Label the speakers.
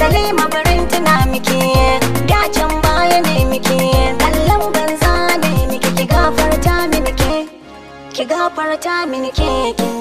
Speaker 1: salima barin tuna miki dacen baya ne miki kallon banza ne miki ki gafarta mini ke ki gafarta mini ke